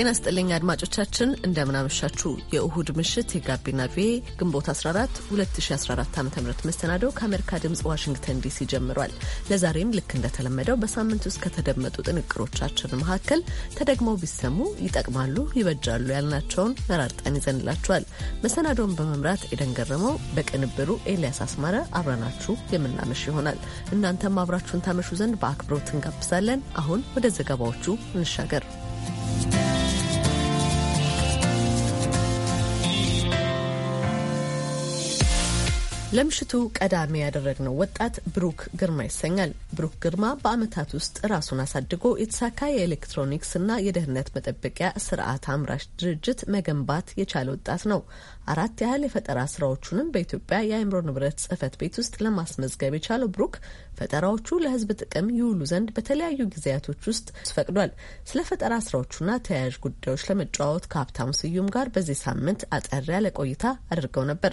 ጤና ስጥልኝ አድማጮቻችን፣ እንደምናመሻችሁ። የእሁድ ምሽት የጋቢና ቪ ግንቦት 14 2014 ዓ ም መሰናደው ከአሜሪካ ድምፅ ዋሽንግተን ዲሲ ጀምሯል። ለዛሬም ልክ እንደተለመደው በሳምንት ውስጥ ከተደመጡ ጥንቅሮቻችን መካከል ተደግመው ቢሰሙ ይጠቅማሉ፣ ይበጃሉ ያልናቸውን መራርጠን ይዘንላችኋል። መሰናዶውን በመምራት ኤደን ገረመው፣ በቅንብሩ ኤልያስ አስማረ አብረናችሁ የምናመሽ ይሆናል። እናንተም አብራችሁን ታመሹ ዘንድ በአክብሮት እንጋብዛለን። አሁን ወደ ዘገባዎቹ እንሻገር። ለምሽቱ ቀዳሚ ያደረግነው ወጣት ብሩክ ግርማ ይሰኛል። ብሩክ ግርማ በዓመታት ውስጥ ራሱን አሳድጎ የተሳካ የኤሌክትሮኒክስ ና የደህንነት መጠበቂያ ስርዓት አምራች ድርጅት መገንባት የቻለ ወጣት ነው። አራት ያህል የፈጠራ ስራዎቹንም በኢትዮጵያ የአእምሮ ንብረት ጽህፈት ቤት ውስጥ ለማስመዝገብ የቻለው ብሩክ ፈጠራዎቹ ለህዝብ ጥቅም ይውሉ ዘንድ በተለያዩ ጊዜያቶች ውስጥ ፈቅዷል። ስለ ፈጠራ ስራዎቹና ተያያዥ ጉዳዮች ለመጫወት ከሀብታሙ ስዩም ጋር በዚህ ሳምንት አጠር ያለ ቆይታ አድርገው ነበር።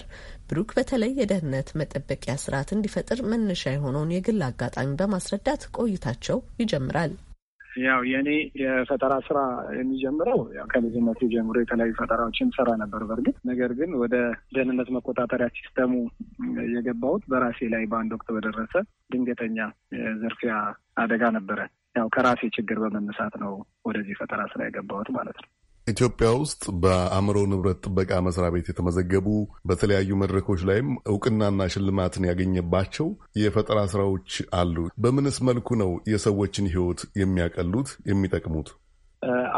ብሩክ በተለይ የደህንነት መጠበቂያ ስርዓት እንዲፈጥር መነሻ የሆነውን የግል አጋጣሚ በማስረዳት ቆይታቸው ይጀምራል። ያው የእኔ የፈጠራ ስራ የሚጀምረው ያው ከልጅነት ጀምሮ የተለያዩ ፈጠራዎችን ሰራ ነበር። በእርግጥ ነገር ግን ወደ ደህንነት መቆጣጠሪያ ሲስተሙ የገባሁት በራሴ ላይ በአንድ ወቅት በደረሰ ድንገተኛ ዝርፊያ አደጋ ነበረ። ያው ከራሴ ችግር በመነሳት ነው ወደዚህ ፈጠራ ስራ የገባሁት ማለት ነው። ኢትዮጵያ ውስጥ በአእምሮ ንብረት ጥበቃ መስሪያ ቤት የተመዘገቡ በተለያዩ መድረኮች ላይም እውቅናና ሽልማትን ያገኘባቸው የፈጠራ ስራዎች አሉ። በምንስ መልኩ ነው የሰዎችን ህይወት የሚያቀሉት የሚጠቅሙት?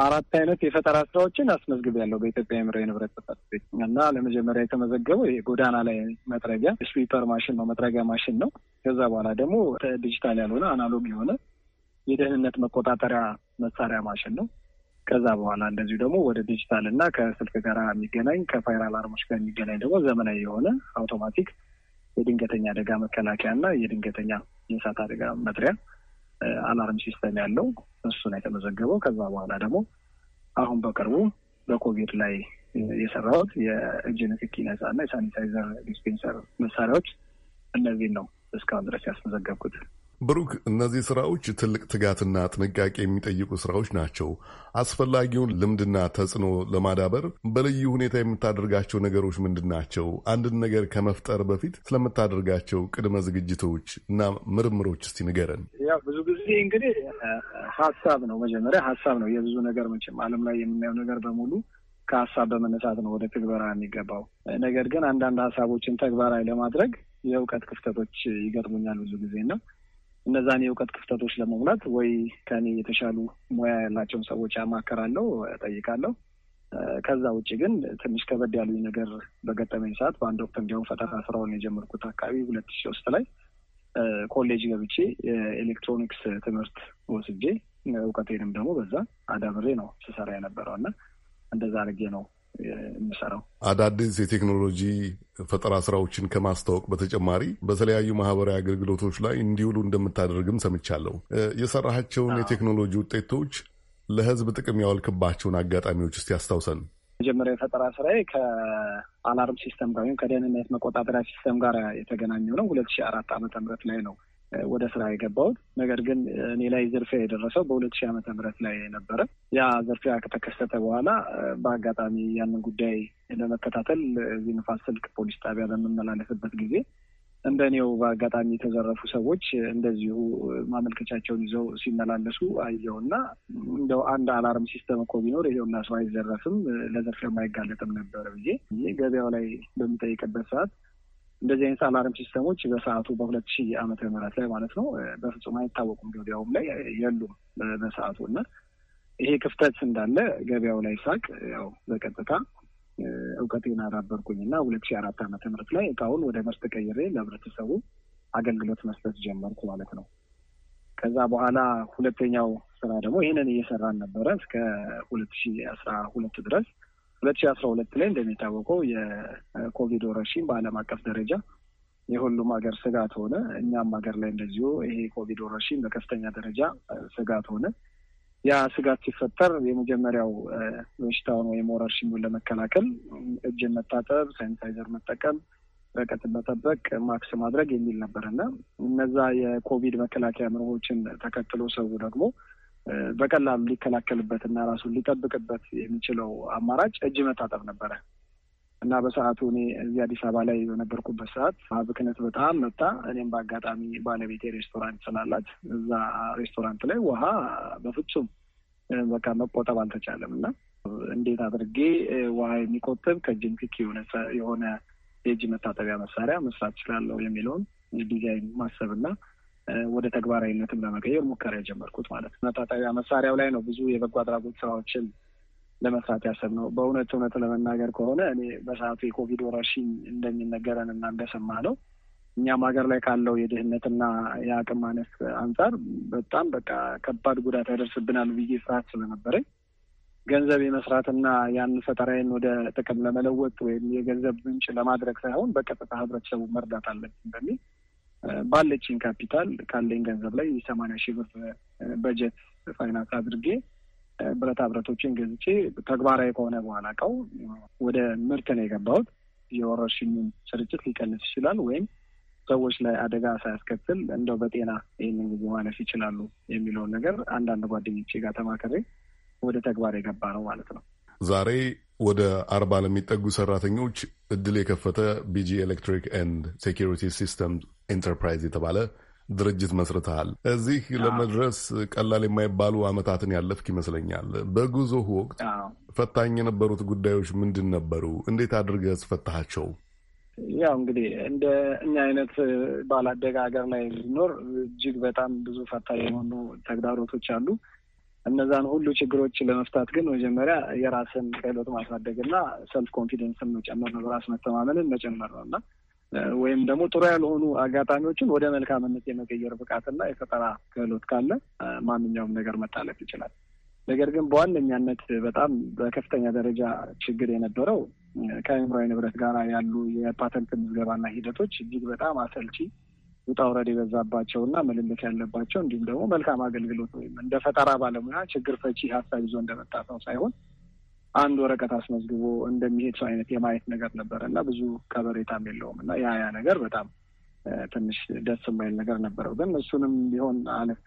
አራት አይነት የፈጠራ ስራዎችን ያለው በኢትዮጵያ የምረ ንብረት ጥበቃ ቤት እና ለመጀመሪያ የተመዘገበው የጎዳና ላይ መጥረጊያ ስዊፐር ማሽን ነው፣ መጥረጊያ ማሽን ነው። ከዛ በኋላ ደግሞ ዲጂታል ያልሆነ አናሎግ የሆነ የደህንነት መቆጣጠሪያ መሳሪያ ማሽን ነው። ከዛ በኋላ እንደዚሁ ደግሞ ወደ ዲጂታል እና ከስልክ ጋር የሚገናኝ ከፋይራል አርሞች ጋር የሚገናኝ ደግሞ ዘመናዊ የሆነ አውቶማቲክ የድንገተኛ አደጋ መከላከያ እና የድንገተኛ የእሳት አደጋ መጥሪያ አላርም ሲስተም ያለው እሱን የተመዘገበው። ከዛ በኋላ ደግሞ አሁን በቅርቡ በኮቪድ ላይ የሰራሁት የእጅ ንክኪ ነጻ እና የሳኒታይዘር ዲስፔንሰር መሳሪያዎች እነዚህን ነው እስካሁን ድረስ ያስመዘገብኩት። ብሩክ፣ እነዚህ ስራዎች ትልቅ ትጋትና ጥንቃቄ የሚጠይቁ ስራዎች ናቸው። አስፈላጊውን ልምድና ተጽዕኖ ለማዳበር በልዩ ሁኔታ የምታደርጋቸው ነገሮች ምንድን ናቸው? አንድን ነገር ከመፍጠር በፊት ስለምታደርጋቸው ቅድመ ዝግጅቶች እና ምርምሮች እስቲ ንገረን። ያው ብዙ ጊዜ እንግዲህ ሀሳብ ነው መጀመሪያ ሀሳብ ነው። የብዙ ነገር መቼም ዓለም ላይ የምናየው ነገር በሙሉ ከሀሳብ በመነሳት ነው ወደ ትግበራ የሚገባው። ነገር ግን አንዳንድ ሀሳቦችን ተግባራዊ ለማድረግ የእውቀት ክፍተቶች ይገጥሙኛል ብዙ ጊዜ ነው እነዛን የእውቀት ክፍተቶች ለመሙላት ወይ ከኔ የተሻሉ ሙያ ያላቸውን ሰዎች ያማከራለሁ፣ ጠይቃለሁ። ከዛ ውጭ ግን ትንሽ ከበድ ያሉኝ ነገር በገጠመኝ ሰዓት በአንድ ወቅት እንዲያውም ፈጠራ ስራውን የጀመርኩት አካባቢ ሁለት ሺ ውስጥ ላይ ኮሌጅ ገብቼ የኤሌክትሮኒክስ ትምህርት ወስጄ እውቀቴንም ደግሞ በዛ አዳብሬ ነው ስሰራ የነበረው እና እንደዛ አድርጌ ነው የምሰራው። አዳዲስ የቴክኖሎጂ ፈጠራ ስራዎችን ከማስተዋወቅ በተጨማሪ በተለያዩ ማህበራዊ አገልግሎቶች ላይ እንዲውሉ እንደምታደርግም ሰምቻለሁ። የሰራሃቸውን የቴክኖሎጂ ውጤቶች ለህዝብ ጥቅም ያዋልክባቸውን አጋጣሚዎች ውስጥ ያስታውሰን። መጀመሪያ የፈጠራ ስራዬ ከአላርም ሲስተም ጋር ወይም ከደህንነት መቆጣጠሪያ ሲስተም ጋር የተገናኘው ነው። ሁለት ሺህ አራት ዓመተ ምህረት ላይ ነው ወደ ስራ የገባሁት። ነገር ግን እኔ ላይ ዝርፊያ የደረሰው በሁለት ሺህ ዓመተ ምህረት ላይ ነበረ። ያ ዝርፊያ ከተከሰተ በኋላ በአጋጣሚ ያንን ጉዳይ ለመከታተል እዚህ ንፋስ ስልክ ፖሊስ ጣቢያ በምመላለስበት ጊዜ እንደ እኔው በአጋጣሚ የተዘረፉ ሰዎች እንደዚሁ ማመልከቻቸውን ይዘው ሲመላለሱ አየውና እንደው አንድ አላርም ሲስተም እኮ ቢኖር ይሄውና ሰው አይዘረፍም፣ ለዘርፊያ አይጋለጥም ነበር ብዬ ገበያው ላይ በምጠይቅበት ሰዓት እንደዚህ አይነት አላርም ሲስተሞች በሰዓቱ በሁለት ሺህ ዓመተ ምህረት ላይ ማለት ነው በፍጹም አይታወቁም። ገበያውም ላይ የሉም በሰዓቱ እና ይሄ ክፍተት እንዳለ ገበያው ላይ ሳቅ ያው በቀጥታ እውቀቴን አዳበርኩኝ እና ሁለት ሺህ አራት ዓመተ ምህረት ላይ እቃውን ወደ ምርት ቀይሬ ለህብረተሰቡ አገልግሎት መስጠት ጀመርኩ ማለት ነው። ከዛ በኋላ ሁለተኛው ስራ ደግሞ ይህንን እየሰራን ነበረ እስከ ሁለት ሺህ አስራ ሁለት ድረስ ሁለት ሺ አስራ ሁለት ላይ እንደሚታወቀው የኮቪድ ወረርሽኝ በዓለም አቀፍ ደረጃ የሁሉም ሀገር ስጋት ሆነ። እኛም ሀገር ላይ እንደዚሁ ይሄ ኮቪድ ወረርሽኝ በከፍተኛ ደረጃ ስጋት ሆነ። ያ ስጋት ሲፈጠር የመጀመሪያው በሽታውን ወይም ወረርሽኙን ለመከላከል እጅን መታጠብ፣ ሳኒታይዘር መጠቀም፣ ርቀትን መጠበቅ፣ ማክስ ማድረግ የሚል ነበር እና እነዛ የኮቪድ መከላከያ ምርቦችን ተከትሎ ሰው ደግሞ በቀላሉ ሊከላከልበት እና ራሱን ሊጠብቅበት የሚችለው አማራጭ እጅ መታጠብ ነበረ እና በሰዓቱ እኔ እዚህ አዲስ አበባ ላይ በነበርኩበት ሰዓት ብክነት በጣም መጣ። እኔም በአጋጣሚ ባለቤቴ ሬስቶራንት ስላላት እዛ ሬስቶራንት ላይ ውሃ በፍጹም በቃ መቆጠብ አልተቻለም እና እንዴት አድርጌ ውሃ የሚቆጥብ ከእጅ ክክ የሆነ የእጅ መታጠቢያ መሳሪያ መስራት እችላለሁ የሚለውን ዲዛይን ማሰብና ወደ ተግባራዊነትም ለመቀየር ሙከራ የጀመርኩት ማለት ነው። መታጠቢያ መሳሪያው ላይ ነው ብዙ የበጎ አድራጎት ስራዎችን ለመስራት ያሰብ ነው። በእውነት እውነት ለመናገር ከሆነ እኔ በሰዓቱ የኮቪድ ወረርሽኝ እንደሚነገረን እና እንደሰማ ነው እኛም ሀገር ላይ ካለው የድህነትና የአቅም ማነስ አንጻር በጣም በቃ ከባድ ጉዳት ያደርስብናል ብዬ ፍርሃት ስለነበረኝ ገንዘብ የመስራትና ያን ፈጠራዬን ወደ ጥቅም ለመለወጥ ወይም የገንዘብ ምንጭ ለማድረግ ሳይሆን በቀጥታ ህብረተሰቡ መርዳት አለብን በሚል ባለችኝ ካፒታል ካለኝ ገንዘብ ላይ የሰማንያ ሺህ ብር በጀት ፋይናንስ አድርጌ ብረታ ብረቶችን ገዝቼ ተግባራዊ ከሆነ በኋላ ቀው ወደ ምርት ነው የገባሁት። የወረርሽኙን ስርጭት ሊቀንስ ይችላል ወይም ሰዎች ላይ አደጋ ሳያስከትል እንደው በጤና ይህንን ጊዜ ማለፍ ይችላሉ የሚለውን ነገር አንዳንድ ጓደኞቼ ጋር ተማከሬ ወደ ተግባር የገባ ነው ማለት ነው። ዛሬ ወደ አርባ ለሚጠጉ ሰራተኞች እድል የከፈተ ቢጂ ኤሌክትሪክ ኤንድ ሴኪሪቲ ሲስተም ኤንተርፕራይዝ የተባለ ድርጅት መስርተሃል። እዚህ ለመድረስ ቀላል የማይባሉ ዓመታትን ያለፍክ ይመስለኛል። በጉዞህ ወቅት ፈታኝ የነበሩት ጉዳዮች ምንድን ነበሩ? እንዴት አድርገህ ፈታሃቸው? ያው እንግዲህ እንደ እኛ አይነት ባላደገ ሀገር ላይ ሊኖር እጅግ በጣም ብዙ ፈታኝ የሆኑ ተግዳሮቶች አሉ። እነዛን ሁሉ ችግሮች ለመፍታት ግን መጀመሪያ የራስን ክህሎት ማሳደግና ሰልፍ ኮንፊደንስን መጨመር ነው፣ በራስ መተማመንን መጨመር ነው እና ወይም ደግሞ ጥሩ ያልሆኑ አጋጣሚዎችን ወደ መልካምነት የመቀየር ብቃትና የፈጠራ ክህሎት ካለ ማንኛውም ነገር መታለፍ ይችላል። ነገር ግን በዋነኛነት በጣም በከፍተኛ ደረጃ ችግር የነበረው ከአእምሯዊ ንብረት ጋር ያሉ የፓተንት ምዝገባና ሂደቶች እጅግ በጣም አሰልቺ ውጣ ውረድ የበዛባቸው እና ምልልት ያለባቸው እንዲሁም ደግሞ መልካም አገልግሎት ወይም እንደ ፈጠራ ባለሙያ ችግር ፈቺ ሀሳብ ይዞ እንደመጣ ሰው ሳይሆን አንድ ወረቀት አስመዝግቦ እንደሚሄድ ሰው አይነት የማየት ነገር ነበረ እና ብዙ ከበሬታም የለውም እና ያ ያ ነገር በጣም ትንሽ ደስ የማይል ነገር ነበረው። ግን እሱንም ቢሆን አልፌ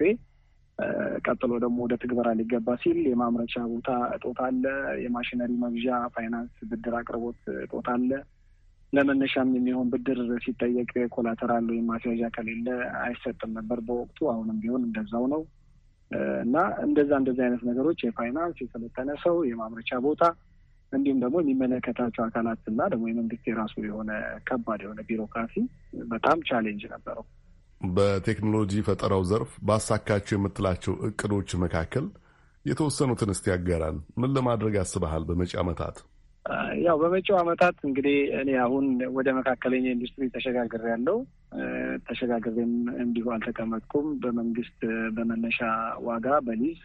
ቀጥሎ ደግሞ ወደ ትግበራ ሊገባ ሲል የማምረቻ ቦታ እጦት አለ፣ የማሽነሪ መግዣ ፋይናንስ ብድር አቅርቦት እጦት አለ። ለመነሻም የሚሆን ብድር ሲጠየቅ ኮላተራል ወይም ማስያዣ ከሌለ አይሰጥም ነበር በወቅቱ። አሁንም ቢሆን እንደዛው ነው እና እንደዛ እንደዛ አይነት ነገሮች የፋይናንስ የሰለጠነ ሰው የማምረቻ ቦታ እንዲሁም ደግሞ የሚመለከታቸው አካላት እና ደግሞ የመንግስት የራሱ የሆነ ከባድ የሆነ ቢሮክራሲ በጣም ቻሌንጅ ነበረው። በቴክኖሎጂ ፈጠራው ዘርፍ ባሳካቸው የምትላቸው እቅዶች መካከል የተወሰኑትን እስቲ ያጋራል። ምን ለማድረግ አስበሃል በመጪ ዓመታት? ያው በመጪው ዓመታት እንግዲህ እኔ አሁን ወደ መካከለኛ ኢንዱስትሪ ተሸጋግር ያለው ተሸጋግሬም እንዲሁ አልተቀመጥኩም። በመንግስት በመነሻ ዋጋ በሊዝ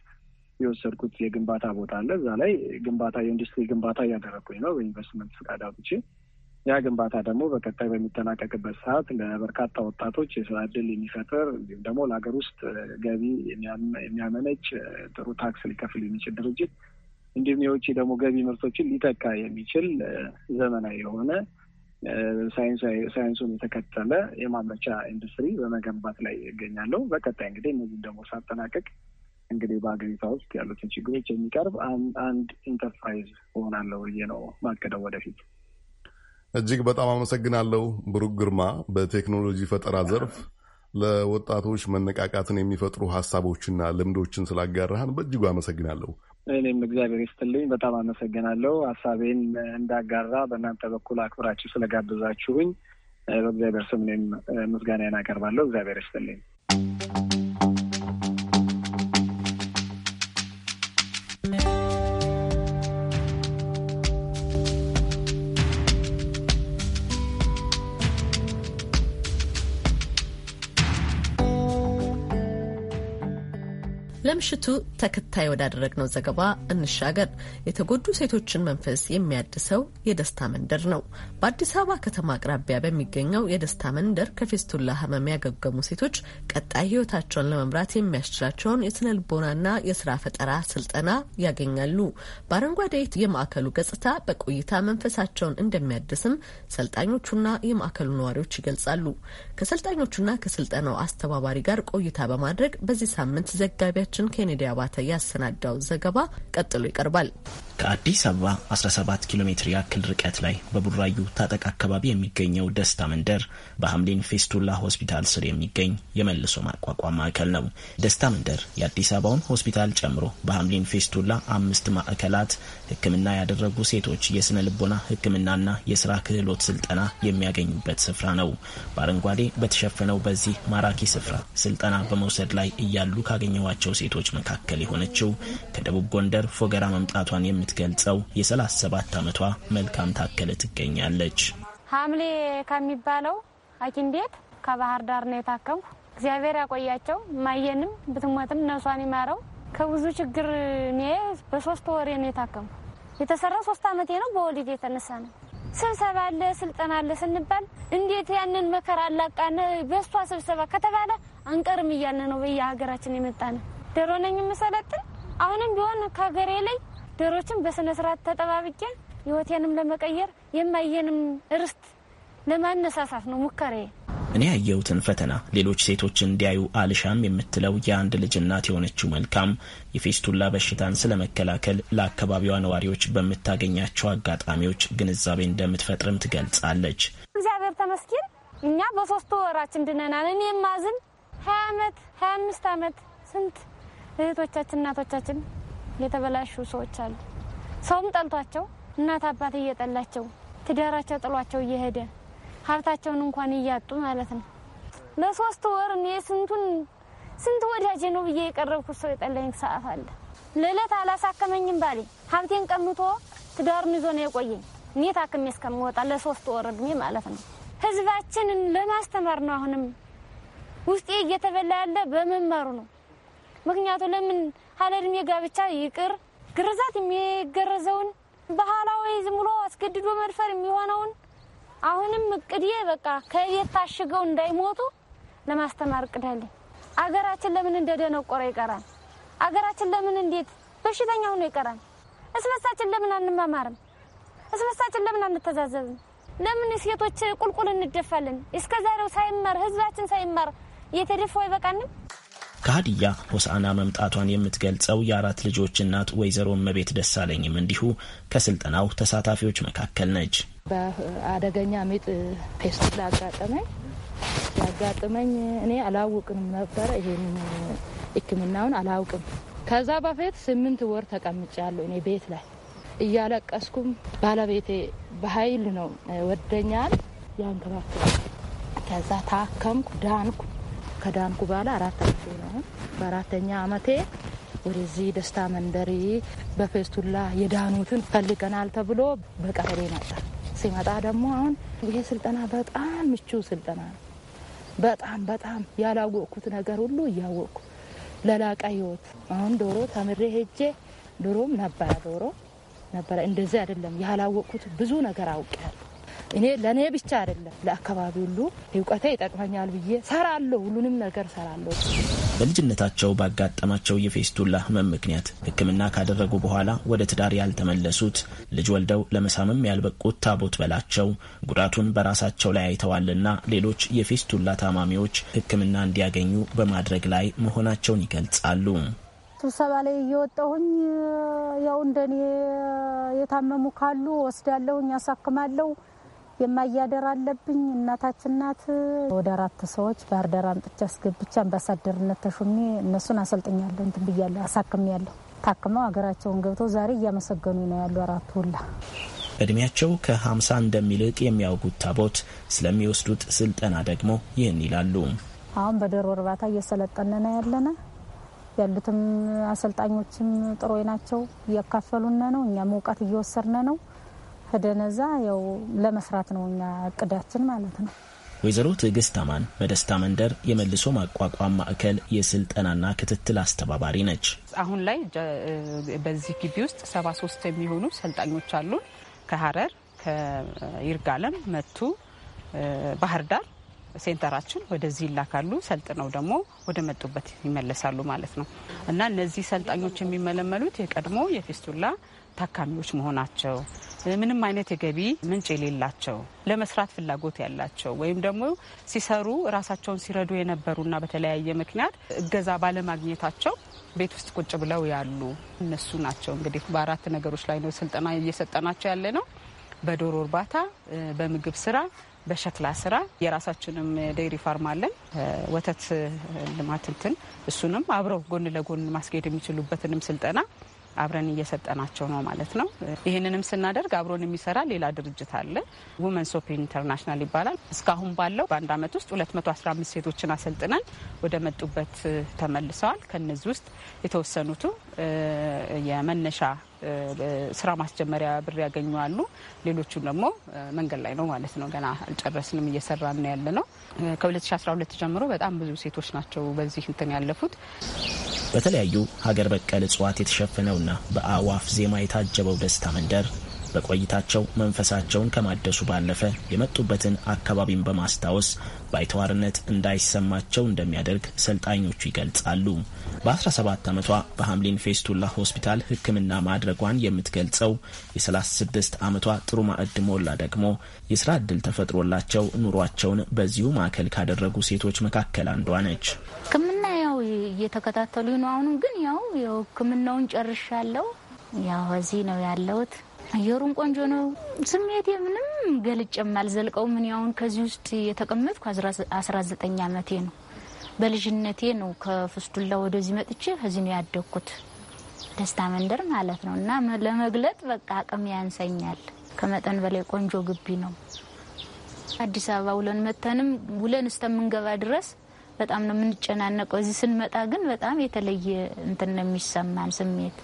የወሰድኩት የግንባታ ቦታ አለ። እዛ ላይ ግንባታ የኢንዱስትሪ ግንባታ እያደረግኩኝ ነው በኢንቨስትመንት ፈቃድ አውጥቼ። ያ ግንባታ ደግሞ በቀጣይ በሚጠናቀቅበት ሰዓት ለበርካታ ወጣቶች የስራ እድል የሚፈጥር እንዲሁም ደግሞ ለሀገር ውስጥ ገቢ የሚያመነጭ ጥሩ ታክስ ሊከፍል የሚችል ድርጅት እንዲሁም የውጭ ደግሞ ገቢ ምርቶችን ሊተካ የሚችል ዘመናዊ የሆነ ሳይንሱን የተከተለ የማምረቻ ኢንዱስትሪ በመገንባት ላይ ይገኛለሁ። በቀጣይ እንግዲህ እነዚህም ደግሞ ሳጠናቀቅ እንግዲህ በሀገሪቷ ውስጥ ያሉትን ችግሮች የሚቀርብ አንድ ኢንተርፕራይዝ እሆናለሁ ብዬ ነው ማቀደው ወደፊት። እጅግ በጣም አመሰግናለሁ ብሩክ ግርማ። በቴክኖሎጂ ፈጠራ ዘርፍ ለወጣቶች መነቃቃትን የሚፈጥሩ ሀሳቦችና ልምዶችን ስላጋራህን በእጅጉ አመሰግናለሁ። እኔም እግዚአብሔር ይስጥልኝ በጣም አመሰግናለሁ። ሀሳቤን እንዳጋራ በእናንተ በኩል አክብራችሁ ስለጋብዛችሁኝ በእግዚአብሔር ስም እኔም ምስጋናዬን አቀርባለሁ። እግዚአብሔር ይስጥልኝ። ለምሽቱ ተከታይ ወዳደረግነው ዘገባ እንሻገር። የተጎዱ ሴቶችን መንፈስ የሚያድሰው የደስታ መንደር ነው። በአዲስ አበባ ከተማ አቅራቢያ በሚገኘው የደስታ መንደር ከፌስቱላ ህመም ያገገሙ ሴቶች ቀጣይ ህይወታቸውን ለመምራት የሚያስችላቸውን የስነ ልቦናና የስራ ፈጠራ ስልጠና ያገኛሉ። በአረንጓዴ የማዕከሉ ገጽታ በቆይታ መንፈሳቸውን እንደሚያድስም ሰልጣኞቹና የማዕከሉ ነዋሪዎች ይገልጻሉ። ከሰልጣኞቹና ከስልጠናው አስተባባሪ ጋር ቆይታ በማድረግ በዚህ ሳምንት ዘጋቢያችን ሪፖርተራችን ኬኔዲ አባተ ያሰናዳው ዘገባ ቀጥሎ ይቀርባል። ከአዲስ አበባ 17 ኪሎ ሜትር ያክል ርቀት ላይ በቡራዩ ታጠቅ አካባቢ የሚገኘው ደስታ መንደር በሐምሌን ፌስቱላ ሆስፒታል ስር የሚገኝ የመልሶ ማቋቋም ማዕከል ነው። ደስታ መንደር የአዲስ አበባውን ሆስፒታል ጨምሮ በሐምሌን ፌስቱላ አምስት ማዕከላት ሕክምና ያደረጉ ሴቶች የስነ ልቦና ሕክምናና የስራ ክህሎት ስልጠና የሚያገኙበት ስፍራ ነው። በአረንጓዴ በተሸፈነው በዚህ ማራኪ ስፍራ ስልጠና በመውሰድ ላይ እያሉ ካገኘኋቸው ሴቶች ሴቶች መካከል የሆነችው ከደቡብ ጎንደር ፎገራ መምጣቷን የምትገልጸው የ37 ዓመቷ መልካም ታከለ ትገኛለች። ሐምሌ ከሚባለው ሐኪም ቤት ከባህር ዳር ነው የታከምኩ። እግዚአብሔር ያቆያቸው። ማየንም ብትሞትም ነሷን ይማረው። ከብዙ ችግር እኔ በሶስት ወሬ ነው የታከምኩ። የተሰራ ሶስት አመቴ ነው። በወሊድ የተነሳ ነው። ስብሰባ አለ ስልጠና አለ ስንባል እንዴት ያንን መከራ አላቃነ በእሷ ስብሰባ ከተባለ አንቀርም እያለ ነው በየሀገራችን የመጣ ነው። ዶሮ ነኝ የምሰለጥን። አሁንም ቢሆን ከሀገሬ ላይ ዶሮችን በስነ ስርዓት ተጠባብቄ ህይወቴንም ለመቀየር የማየንም ርስት ለማነሳሳት ነው ሙከሬ። እኔ ያየሁትን ፈተና ሌሎች ሴቶች እንዲያዩ አልሻም የምትለው የአንድ ልጅ እናት የሆነችው መልካም የፌስቱላ በሽታን ስለመከላከል ለአካባቢዋ ነዋሪዎች በምታገኛቸው አጋጣሚዎች ግንዛቤ እንደምትፈጥርም ትገልጻለች። እግዚአብሔር ተመስገን እኛ በሶስቱ ወራችን ድነናል። እኔ ማዝን ሀያ አመት ሀያ አምስት አመት ስንት እህቶቻችን፣ እናቶቻችን የተበላሹ ሰዎች አሉ። ሰውም ጠልቷቸው እናት አባት እየጠላቸው ትዳራቸው ጥሏቸው እየሄደ ሀብታቸውን እንኳን እያጡ ማለት ነው። ለሶስት ወር እኔ ስንቱን ስንት ወዳጄ ነው ብዬ የቀረብኩ ሰው የጠላኝ ሰዓት አለ። ለዕለት አላሳከመኝም ባሌ ሀብቴን ቀምቶ ትዳሩን ይዞ ነው የቆየኝ። እኔ ታክሜ እስከምወጣ ለሶስት ወር እድሜ ማለት ነው። ህዝባችንን ለማስተማር ነው አሁንም ውስጤ እየተበላ ያለ በመማሩ ነው። ምክንያቱ ለምን ያለ ጋብቻ ይቅር ግርዛት የሚገረዘውን ባህላዊ ዝም ብሎ አስገድዶ መድፈር የሚሆነውን አሁንም እቅዴ በቃ ከቤት ታሽገው እንዳይሞቱ ለማስተማር እቅዳለኝ። አገራችን ለምን እንደደነቆረ ይቀራል? አገራችን ለምን እንዴት በሽተኛ ሆኖ ይቀራል? እስበሳችን ለምን አንማማርም? እስበሳችን ለምን አንተዛዘብም? ለምን ሴቶች ቁልቁል እንደፋለን? እስከዛሬው ሳይማር ህዝባችን ሳይማር እየተደፋው አይበቃንም? ከሀዲያ ሆሳና መምጣቷን የምትገልጸው የአራት ልጆች እናት ወይዘሮ እመቤት ደሳለኝም እንዲሁ ከስልጠናው ተሳታፊዎች መካከል ነች። በአደገኛ ሚጥ ፔስቲል ላጋጠመኝ ያጋጥመኝ እኔ አላውቅንም ነበረ። ይሄን ሕክምናውን አላውቅም። ከዛ በፊት ስምንት ወር ተቀምጫለሁ እኔ ቤት ላይ እያለቀስኩም፣ ባለቤቴ በኃይል ነው ወደኛል ያንከባክባል። ከዛ ታከምኩ ዳንኩ። ከዳንኩ በኋላ አራት አመቴ ነው። በአራተኛ አመቴ ወደዚህ ደስታ መንደሪ በፌስቱላ የዳኑትን ፈልገናል ተብሎ በቀበሌ መጣ። ሲመጣ ደግሞ አሁን ይሄ ስልጠና በጣም ምቹ ስልጠና ነው። በጣም በጣም ያላወቅኩት ነገር ሁሉ እያወቅኩ ለላቀ ህይወት አሁን ዶሮ ተምሬ ሄጄ ዶሮም ነበረ ዶሮ ነበረ እንደዚህ አይደለም ያላወቅኩት ብዙ ነገር አውቄያለሁ። እኔ ለእኔ ብቻ አይደለም ለአካባቢ ሁሉ እውቀቴ ይጠቅመኛል ብዬ ሰራለሁ፣ ሁሉንም ነገር ሰራለሁ። በልጅነታቸው ባጋጠማቸው የፌስቱላ ህመም ምክንያት ሕክምና ካደረጉ በኋላ ወደ ትዳር ያልተመለሱት ልጅ ወልደው ለመሳምም ያልበቁት ታቦት በላቸው ጉዳቱን በራሳቸው ላይ አይተዋልና ሌሎች የፌስቱላ ታማሚዎች ሕክምና እንዲያገኙ በማድረግ ላይ መሆናቸውን ይገልጻሉ። ስብሰባ ላይ እየወጣሁኝ ያው እንደኔ የታመሙ ካሉ ወስዳለሁኝ፣ ያሳክማለሁ የማያደር አለብኝ እናታችን ናት። ወደ አራት ሰዎች ባህር ዳር አምጥቼ አስገብቼ አምባሳደርነት ተሹሜ እነሱን አሰልጥኛለሁ፣ እንትን ብያለሁ፣ አሳክሜያለሁ። ታክመው ሀገራቸውን ገብተው ዛሬ እያመሰገኑ ነው ያሉ አራቱ ሁላ እድሜያቸው ከ50 እንደሚልቅ የሚያውጉት ታቦት ስለሚወስዱት ስልጠና ደግሞ ይህን ይላሉ። አሁን በዶሮ እርባታ እየሰለጠንነ ያለነ ያሉትም አሰልጣኞችም ጥሩ ናቸው፣ እያካፈሉነ ነው። እኛም እውቀት እየወሰድነ ነው። ሄደን ያው ለመስራት ነው እኛ እቅዳችን ማለት ነው። ወይዘሮ ትዕግስት አማን በደስታ መንደር የመልሶ ማቋቋም ማዕከል የስልጠናና ክትትል አስተባባሪ ነች። አሁን ላይ በዚህ ግቢ ውስጥ ሰባ ሶስት የሚሆኑ ሰልጣኞች አሉ። ከሀረር፣ ከይርጋለም፣ መቱ፣ ባህር ዳር ሴንተራችን ወደዚህ ይላካሉ። ሰልጥነው ደግሞ ወደ መጡበት ይመለሳሉ ማለት ነው እና እነዚህ ሰልጣኞች የሚመለመሉት የቀድሞ የፊስቱላ ታካሚዎች መሆናቸው ምንም አይነት የገቢ ምንጭ የሌላቸው ለመስራት ፍላጎት ያላቸው ወይም ደግሞ ሲሰሩ ራሳቸውን ሲረዱ የነበሩና በተለያየ ምክንያት እገዛ ባለማግኘታቸው ቤት ውስጥ ቁጭ ብለው ያሉ እነሱ ናቸው። እንግዲህ በአራት ነገሮች ላይ ነው ስልጠና እየሰጠናቸው ያለ ነው። በዶሮ እርባታ፣ በምግብ ስራ፣ በሸክላ ስራ የራሳችንም ዴይሪ ፋርም አለን። ወተት ልማት እንትን እሱንም አብረው ጎን ለጎን ማስጌድ የሚችሉበትንም ስልጠና አብረን እየሰጠናቸው ነው ማለት ነው። ይህንንም ስናደርግ አብሮን የሚሰራ ሌላ ድርጅት አለ። ውመን ሶፕ ኢንተርናሽናል ይባላል። እስካሁን ባለው በአንድ አመት ውስጥ 215 ሴቶችን አሰልጥነን ወደ መጡበት ተመልሰዋል። ከነዚህ ውስጥ የተወሰኑቱ የመነሻ ስራ ማስጀመሪያ ብር ያገኙ አሉ። ሌሎቹም ደግሞ መንገድ ላይ ነው ማለት ነው። ገና አልጨረስንም፣ እየሰራን ነው ያለ ነው። ከ2012 ጀምሮ በጣም ብዙ ሴቶች ናቸው በዚህ እንትን ያለፉት። በተለያዩ ሀገር በቀል እጽዋት የተሸፈነውና በአእዋፍ ዜማ የታጀበው ደስታ መንደር በቆይታቸው መንፈሳቸውን ከማደሱ ባለፈ የመጡበትን አካባቢን በማስታወስ ባይተዋርነት እንዳይሰማቸው እንደሚያደርግ ሰልጣኞቹ ይገልጻሉ። በ17 ዓመቷ በሐምሊን ፌስቱላ ሆስፒታል ሕክምና ማድረጓን የምትገልጸው የ36 ዓመቷ ጥሩ ማዕድ ሞላ ደግሞ የስራ ዕድል ተፈጥሮላቸው ኑሯቸውን በዚሁ ማዕከል ካደረጉ ሴቶች መካከል አንዷ ነች። ሕክምና ያው እየተከታተሉ ነው። አሁንም ግን ያው ሕክምናውን ጨርሻለሁ። ያው እዚህ ነው ያለሁት። አየሩም ቆንጆ ነው። ስሜቴ ምንም ገልጬም አልዘልቀው። ምን ያውን ከዚህ ውስጥ የተቀመጥኩ አስራ ዘጠኝ አመቴ ነው። በልጅነቴ ነው ከፍስቱላ ወደዚህ መጥቼ ከዚህ ነው ያደግኩት ደስታ መንደር ማለት ነው። እና ለመግለጥ በቃ አቅም ያንሰኛል። ከመጠን በላይ ቆንጆ ግቢ ነው። አዲስ አበባ ውለን መተንም ውለን እስከምንገባ ድረስ በጣም ነው የምንጨናነቀው። እዚህ ስንመጣ ግን በጣም የተለየ እንትን ነው የሚሰማን ስሜት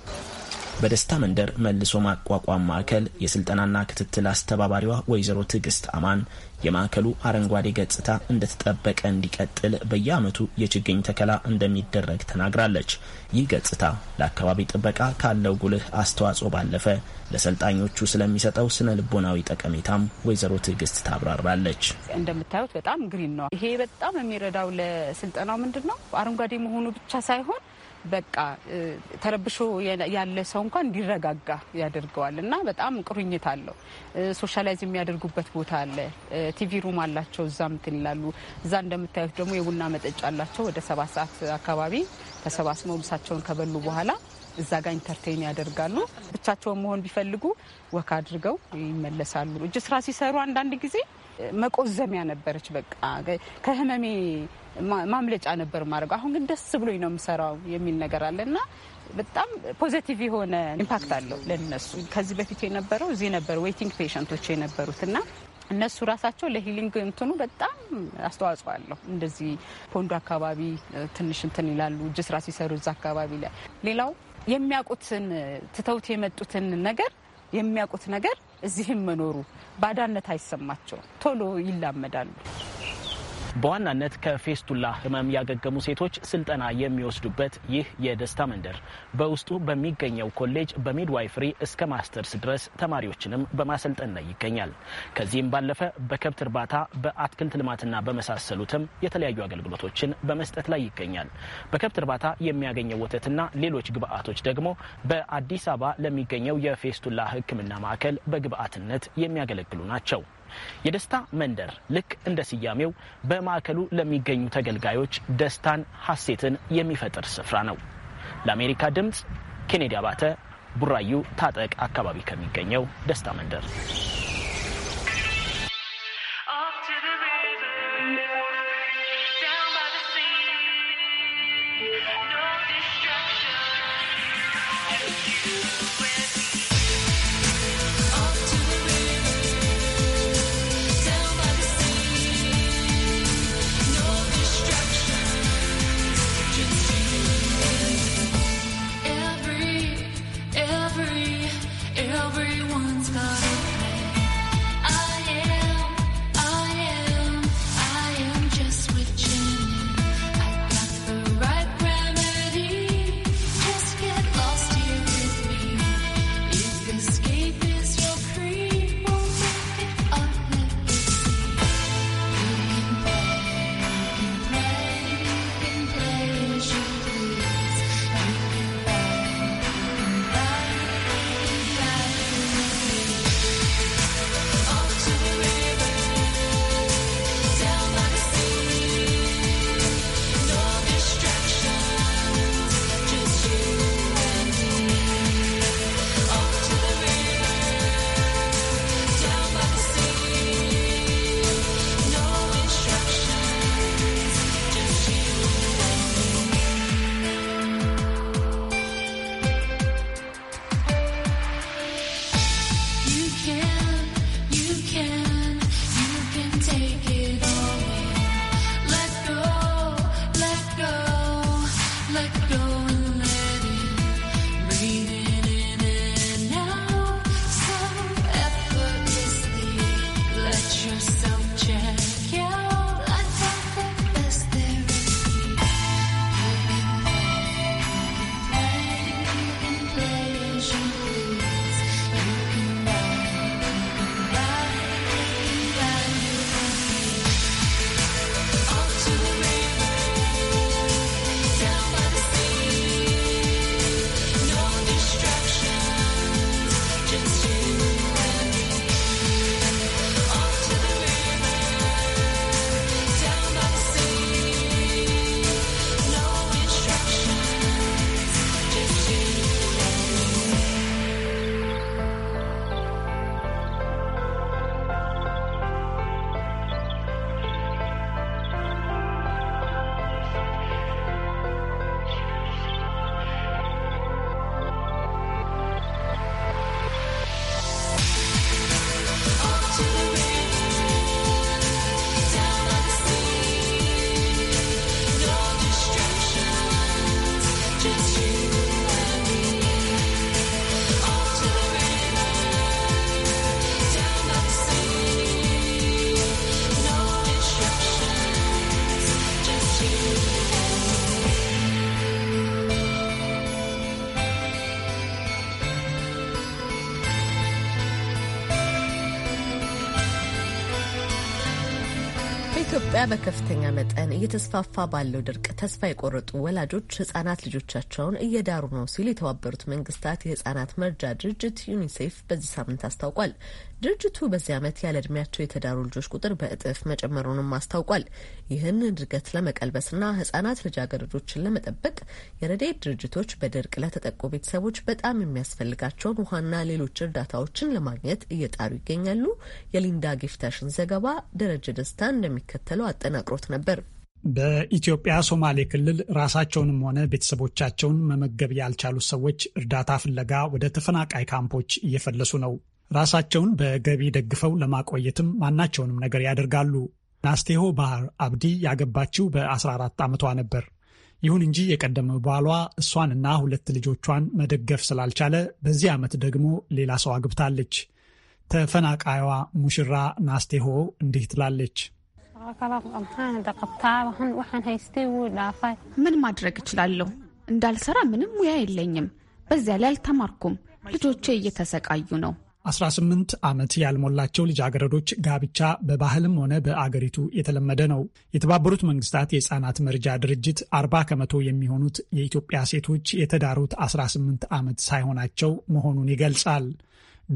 በደስታ መንደር መልሶ ማቋቋም ማዕከል የስልጠናና ክትትል አስተባባሪዋ ወይዘሮ ትዕግስት አማን የማዕከሉ አረንጓዴ ገጽታ እንደተጠበቀ እንዲቀጥል በየዓመቱ የችግኝ ተከላ እንደሚደረግ ተናግራለች። ይህ ገጽታ ለአካባቢ ጥበቃ ካለው ጉልህ አስተዋጽኦ ባለፈ ለሰልጣኞቹ ስለሚሰጠው ስነ ልቦናዊ ጠቀሜታም ወይዘሮ ትዕግስት ታብራራለች። እንደምታዩት በጣም ግሪን ነው። ይሄ በጣም የሚረዳው ለስልጠናው ምንድን ነው አረንጓዴ መሆኑ ብቻ ሳይሆን በቃ ተረብሾ ያለ ሰው እንኳን እንዲረጋጋ ያደርገዋል እና በጣም ቁርኝት አለው። ሶሻላይዝ የሚያደርጉበት ቦታ አለ። ቲቪ ሩም አላቸው። እዛ ምትን ይላሉ። እዛ እንደምታዩት ደግሞ የቡና መጠጫ አላቸው። ወደ ሰባት ሰዓት አካባቢ ተሰባስበው ምሳቸውን ከበሉ በኋላ እዛ ጋር ኢንተርቴን ያደርጋሉ። ብቻቸውን መሆን ቢፈልጉ ወካ አድርገው ይመለሳሉ። እጅ ስራ ሲሰሩ አንዳንድ ጊዜ መቆዘሚያ ነበረች። በቃ ከህመሜ ማምለጫ ነበር ማድረገው። አሁን ግን ደስ ብሎኝ ነው የምሰራው የሚል ነገር አለ እና በጣም ፖዘቲቭ የሆነ ኢምፓክት አለው ለነሱ። ከዚህ በፊት የነበረው እዚህ ነበር ዌይቲንግ ፔሸንቶች የነበሩት እና እነሱ ራሳቸው ለሂሊንግ እንትኑ በጣም አስተዋጽኦ አለው። እንደዚህ ፖንዱ አካባቢ ትንሽ እንትን ይላሉ፣ እጅ ስራ ሲሰሩ እዛ አካባቢ ላይ ሌላው የሚያውቁትን ትተውት የመጡትን ነገር የሚያውቁት ነገር እዚህም መኖሩ ባዳነት አይሰማቸውም፣ ቶሎ ይላመዳሉ። በዋናነት ከፌስቱላ ህመም ያገገሙ ሴቶች ስልጠና የሚወስዱበት ይህ የደስታ መንደር በውስጡ በሚገኘው ኮሌጅ በሚድዋይፍሪ እስከ ማስተርስ ድረስ ተማሪዎችንም በማሰልጠን ላይ ይገኛል። ከዚህም ባለፈ በከብት እርባታ፣ በአትክልት ልማትና በመሳሰሉትም የተለያዩ አገልግሎቶችን በመስጠት ላይ ይገኛል። በከብት እርባታ የሚያገኘው ወተትና ሌሎች ግብአቶች ደግሞ በአዲስ አበባ ለሚገኘው የፌስቱላ ህክምና ማዕከል በግብአትነት የሚያገለግሉ ናቸው። የደስታ መንደር ልክ እንደ ስያሜው በማዕከሉ ለሚገኙ ተገልጋዮች ደስታን፣ ሐሴትን የሚፈጥር ስፍራ ነው። ለአሜሪካ ድምፅ ኬኔዲ አባተ ቡራዩ ታጠቅ አካባቢ ከሚገኘው ደስታ መንደር We'll alone. በከፍተኛ መጠን እየተስፋፋ ባለው ድርቅ ተስፋ የቆረጡ ወላጆች ህጻናት ልጆቻቸውን እየዳሩ ነው ሲል የተባበሩት መንግስታት የህጻናት መርጃ ድርጅት ዩኒሴፍ በዚህ ሳምንት አስታውቋል። ድርጅቱ በዚህ ዓመት ያለ እድሜያቸው የተዳሩ ልጆች ቁጥር በእጥፍ መጨመሩንም አስታውቋል። ይህን ድርገት ለመቀልበስና ህጻናት ልጃገረዶችን ለመጠበቅ የረድኤት ድርጅቶች በድርቅ ለተጠቁ ቤተሰቦች በጣም የሚያስፈልጋቸውን ውሃና ሌሎች እርዳታዎችን ለማግኘት እየጣሩ ይገኛሉ። የሊንዳ ጊፍታሽን ዘገባ ደረጀ ደስታ እንደሚከተለው አጠናቅሮት ነበር። በኢትዮጵያ ሶማሌ ክልል ራሳቸውንም ሆነ ቤተሰቦቻቸውን መመገብ ያልቻሉ ሰዎች እርዳታ ፍለጋ ወደ ተፈናቃይ ካምፖች እየፈለሱ ነው። ራሳቸውን በገቢ ደግፈው ለማቆየትም ማናቸውንም ነገር ያደርጋሉ። ናስቴሆ ባህር አብዲ ያገባችው በ14 ዓመቷ ነበር። ይሁን እንጂ የቀደመ ባሏ እሷንና ሁለት ልጆቿን መደገፍ ስላልቻለ በዚህ ዓመት ደግሞ ሌላ ሰው አግብታለች። ተፈናቃይዋ ሙሽራ ናስቴሆ እንዲህ ትላለች። ምን ማድረግ እችላለሁ? እንዳልሰራ ምንም ሙያ የለኝም። በዚያ ላይ አልተማርኩም። ልጆቼ እየተሰቃዩ ነው። 18 ዓመት ያልሞላቸው ልጃገረዶች ጋብቻ በባህልም ሆነ በአገሪቱ የተለመደ ነው። የተባበሩት መንግስታት የህፃናት መርጃ ድርጅት 40 ከመቶ የሚሆኑት የኢትዮጵያ ሴቶች የተዳሩት 18 ዓመት ሳይሆናቸው መሆኑን ይገልጻል።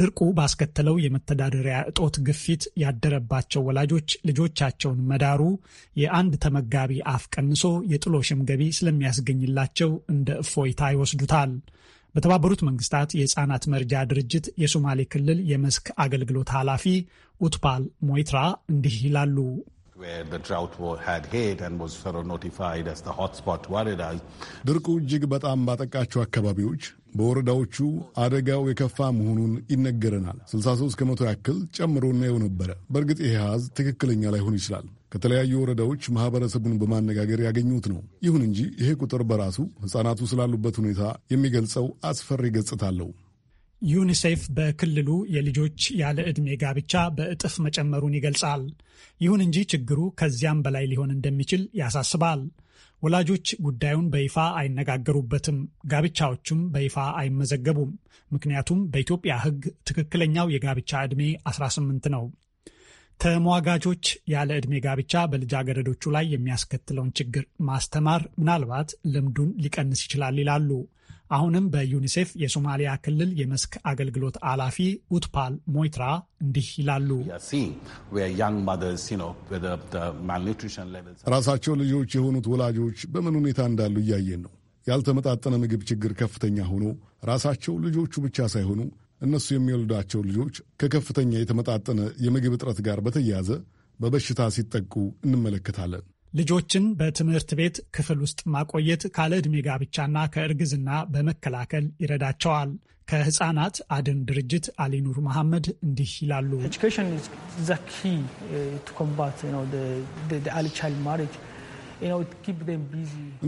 ድርቁ ባስከተለው የመተዳደሪያ እጦት ግፊት ያደረባቸው ወላጆች ልጆቻቸውን መዳሩ የአንድ ተመጋቢ አፍ ቀንሶ የጥሎሽም ገቢ ስለሚያስገኝላቸው እንደ እፎይታ ይወስዱታል። በተባበሩት መንግስታት የህፃናት መርጃ ድርጅት የሶማሌ ክልል የመስክ አገልግሎት ኃላፊ ኡትፓል ሞይትራ እንዲህ ይላሉ። ድርቁ እጅግ በጣም ባጠቃቸው አካባቢዎች በወረዳዎቹ አደጋው የከፋ መሆኑን ይነገረናል። 63 ከመቶ ያክል ጨምሮ እናየው ነበረ። በእርግጥ ይህ አሃዝ ትክክለኛ ላይሆን ይችላል። ከተለያዩ ወረዳዎች ማህበረሰቡን በማነጋገር ያገኙት ነው። ይሁን እንጂ ይሄ ቁጥር በራሱ ሕፃናቱ ስላሉበት ሁኔታ የሚገልጸው አስፈሪ ገጽታ አለው። ዩኒሴፍ በክልሉ የልጆች ያለ ዕድሜ ጋብቻ በእጥፍ መጨመሩን ይገልጻል። ይሁን እንጂ ችግሩ ከዚያም በላይ ሊሆን እንደሚችል ያሳስባል። ወላጆች ጉዳዩን በይፋ አይነጋገሩበትም፣ ጋብቻዎቹም በይፋ አይመዘገቡም። ምክንያቱም በኢትዮጵያ ሕግ ትክክለኛው የጋብቻ ዕድሜ 18 ነው። ተሟጋቾች ያለ ዕድሜ ጋብቻ በልጃገረዶቹ ላይ የሚያስከትለውን ችግር ማስተማር ምናልባት ልምዱን ሊቀንስ ይችላል ይላሉ። አሁንም በዩኒሴፍ የሶማሊያ ክልል የመስክ አገልግሎት ኃላፊ ኡትፓል ሞይትራ እንዲህ ይላሉ። ራሳቸው ልጆች የሆኑት ወላጆች በምን ሁኔታ እንዳሉ እያየን ነው። ያልተመጣጠነ ምግብ ችግር ከፍተኛ ሆኖ ራሳቸው ልጆቹ ብቻ ሳይሆኑ እነሱ የሚወልዷቸው ልጆች ከከፍተኛ የተመጣጠነ የምግብ እጥረት ጋር በተያያዘ በበሽታ ሲጠቁ እንመለከታለን። ልጆችን በትምህርት ቤት ክፍል ውስጥ ማቆየት ካለ ዕድሜ ጋብቻና ከእርግዝና በመከላከል ይረዳቸዋል። ከህፃናት አድን ድርጅት አሊኑር መሐመድ እንዲህ ይላሉ።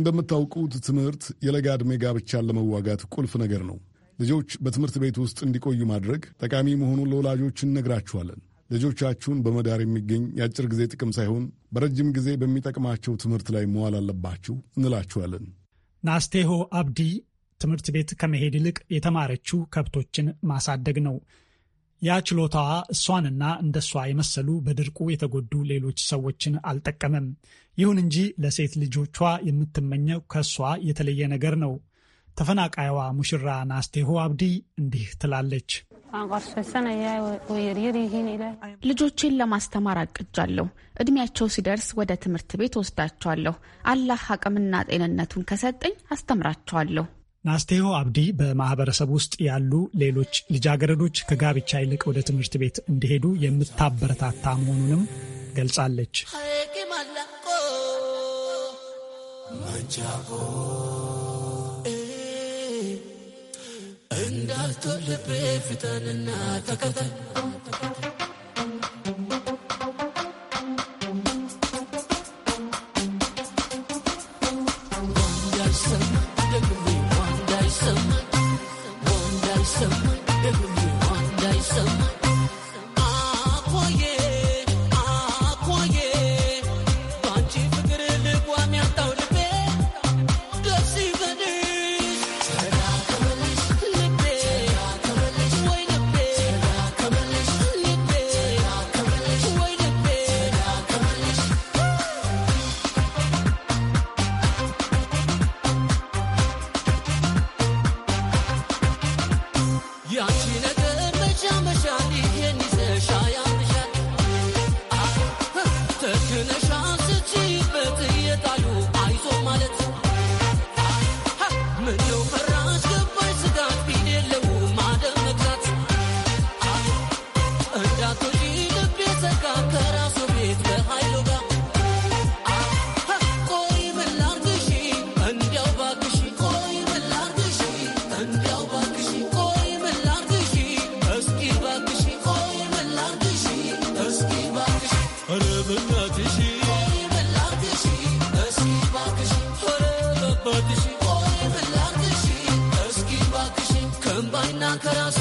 እንደምታውቁት ትምህርት የለጋ ዕድሜ ጋብቻን ለመዋጋት ቁልፍ ነገር ነው። ልጆች በትምህርት ቤት ውስጥ እንዲቆዩ ማድረግ ጠቃሚ መሆኑን ለወላጆች እንነግራችኋለን። ልጆቻችሁን በመዳር የሚገኝ የአጭር ጊዜ ጥቅም ሳይሆን በረጅም ጊዜ በሚጠቅማቸው ትምህርት ላይ መዋል አለባችሁ እንላችኋለን። ናስቴሆ አብዲ ትምህርት ቤት ከመሄድ ይልቅ የተማረችው ከብቶችን ማሳደግ ነው። ያ ችሎታዋ እሷንና እንደሷ የመሰሉ በድርቁ የተጎዱ ሌሎች ሰዎችን አልጠቀመም። ይሁን እንጂ ለሴት ልጆቿ የምትመኘው ከእሷ የተለየ ነገር ነው። ተፈናቃይዋ ሙሽራ ናስቴሁ አብዲ እንዲህ ትላለች። ልጆቼን ለማስተማር አቅጃለሁ። እድሜያቸው ሲደርስ ወደ ትምህርት ቤት ወስዳቸዋለሁ። አላህ አቅምና ጤንነቱን ከሰጠኝ አስተምራቸዋለሁ። ናስቴሆ አብዲ በማህበረሰብ ውስጥ ያሉ ሌሎች ልጃገረዶች ከጋብቻ ይልቅ ወደ ትምህርት ቤት እንዲሄዱ የምታበረታታ መሆኑንም ገልጻለች። እንዳትወልቤ ፍጠንና ተከተል እንዳይሰማ Ankara's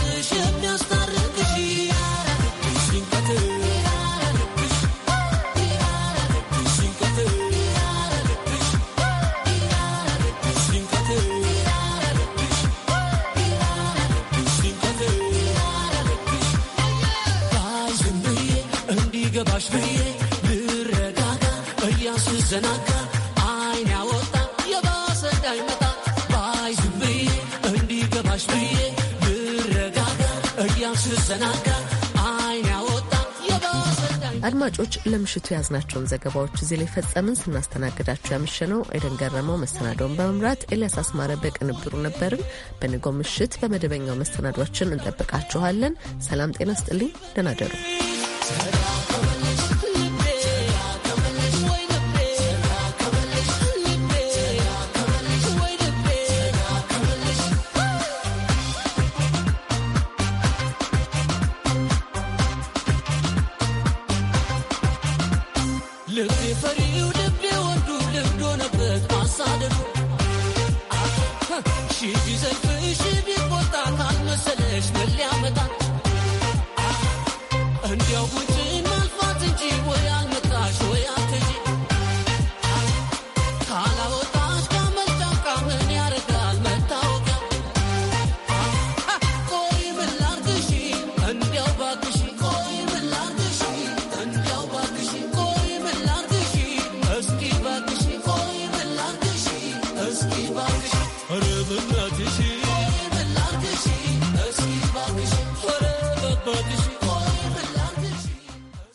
ለምሽቱ ያዝናቸውን ዘገባዎች እዚህ ላይ ፈጸምን። ስናስተናግዳቸው ያመሸነው ኤደን ገረመው መሰናዶውን በመምራት ኤልያስ አስማረ በቅንብሩ ነበርን። በንጋው ምሽት በመደበኛው መሰናዷችን እንጠብቃችኋለን። ሰላም ጤና ስጥልኝ። ደህና ደሩ። ፈሪው ልቤ ወንዱ ልብድ ሆነበት ማሳደዱ ሺ ቢዘልፍ ሺ ቢቆጣ ካልመሰለሽ ምን